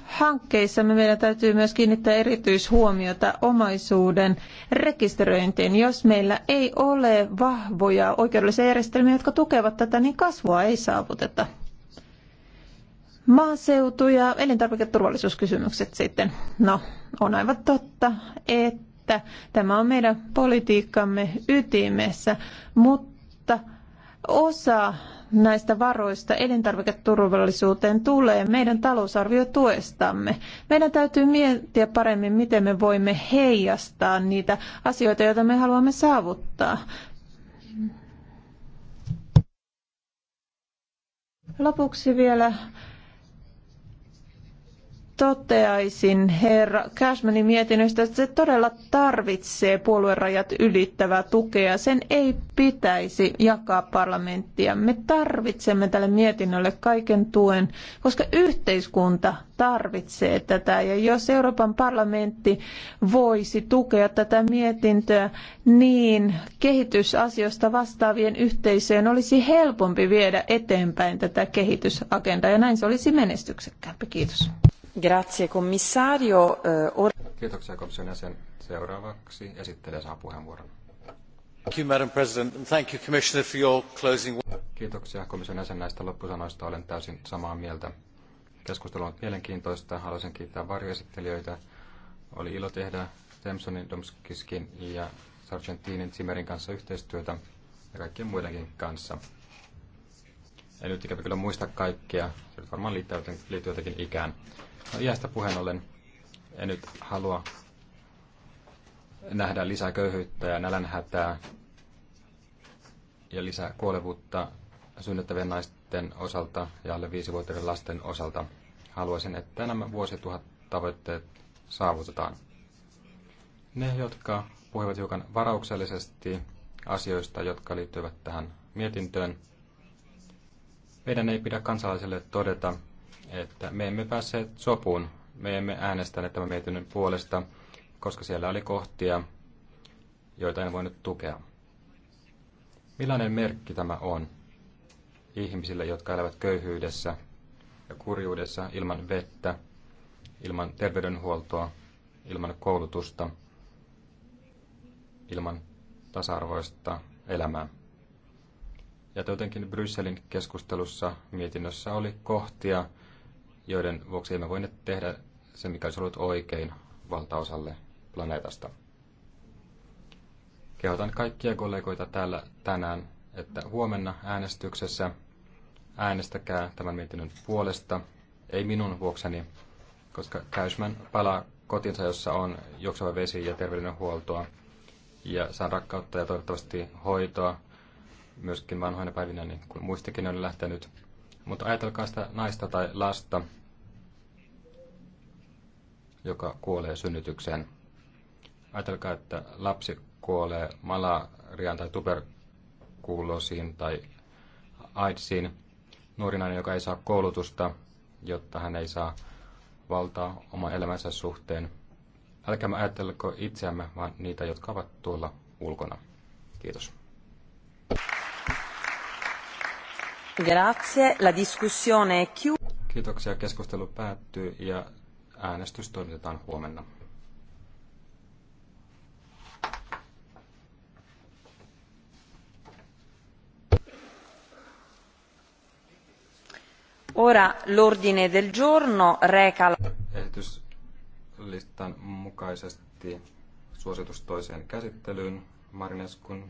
hankkeissamme meidän täytyy myös kiinnittää erityishuomiota omaisuuden rekisteröintiin. Jos meillä ei ole vahvoja oikeudellisia järjestelmiä, jotka tukevat tätä, niin kasvua ei saavuteta. Maaseutu ja elintarviketurvallisuuskysymykset sitten. No, on aivan totta, että tämä on meidän politiikkamme ytimessä, mutta osa näistä varoista elintarviketurvallisuuteen tulee meidän talousarviotuestamme. Meidän täytyy miettiä paremmin, miten me voimme heijastaa niitä asioita, joita me haluamme saavuttaa. Lopuksi vielä toteaisin herra Cashmanin mietinnöstä, että se todella tarvitsee puoluerajat ylittävää tukea. Sen ei pitäisi jakaa parlamenttia. Me tarvitsemme tälle mietinnölle kaiken tuen, koska yhteiskunta tarvitsee tätä. Ja jos Euroopan parlamentti voisi tukea tätä mietintöä, niin kehitysasioista vastaavien yhteisöjen olisi helpompi viedä eteenpäin tätä kehitysagendaa. Ja näin se olisi menestyksekkäämpi. Kiitos. Grazie, komissario. Eh, or... Kiitoksia komission jäsen. Seuraavaksi esittelee saa puheenvuoron. Kiitoksia komission jäsen näistä loppusanoista. Olen täysin samaa mieltä. Keskustelu on mielenkiintoista. Haluaisin kiittää varjoesittelijöitä. Oli ilo tehdä Stemsonin, Domskiskin ja Sargentinin Zimmerin kanssa yhteistyötä ja kaikkien muidenkin kanssa. En nyt ikävä kyllä muista kaikkia, se varmaan liittyy jotenkin ikään. No iästä puheen ollen en nyt halua nähdä lisää köyhyyttä ja nälänhätää ja lisää kuolevuutta synnyttävien naisten osalta ja alle viisivuotiaiden lasten osalta. Haluaisin, että nämä vuosituhat tavoitteet saavutetaan. Ne, jotka puhuivat hiukan varauksellisesti asioista, jotka liittyvät tähän mietintöön, meidän ei pidä kansalaisille todeta, että me emme päässeet sopuun. Me emme äänestäneet tämän mietinnön puolesta, koska siellä oli kohtia, joita en voinut tukea. Millainen merkki tämä on ihmisille, jotka elävät köyhyydessä ja kurjuudessa ilman vettä, ilman terveydenhuoltoa, ilman koulutusta, ilman tasa-arvoista elämää? Ja jotenkin Brysselin keskustelussa mietinnössä oli kohtia, joiden vuoksi emme voineet tehdä se, mikä olisi ollut oikein valtaosalle planeetasta. Kehotan kaikkia kollegoita täällä tänään, että huomenna äänestyksessä äänestäkää tämän mietinnön puolesta, ei minun vuokseni, koska Cashman palaa kotinsa, jossa on juokseva vesi ja terveydenhuoltoa, ja saa rakkautta ja toivottavasti hoitoa, myöskin vanhoina päivinä, niin kuin muistikin on lähtenyt. Mutta ajatelkaa sitä naista tai lasta, joka kuolee synnytykseen. Ajatelkaa, että lapsi kuolee malariaan tai tuberkuloosiin tai AIDSiin. Nuori nainen, joka ei saa koulutusta, jotta hän ei saa valtaa oman elämänsä suhteen. Älkää ajatelko itseämme, vaan niitä, jotka ovat tuolla ulkona. Kiitos. Grazie, la discussione è chiusa. Kiitoksia, keskustelu päättyy ja Äänestys toimitetaan huomenna. Ora l'ordine del giorno reca... Esityslistan mukaisesti suositus toiseen käsittelyyn Marineskun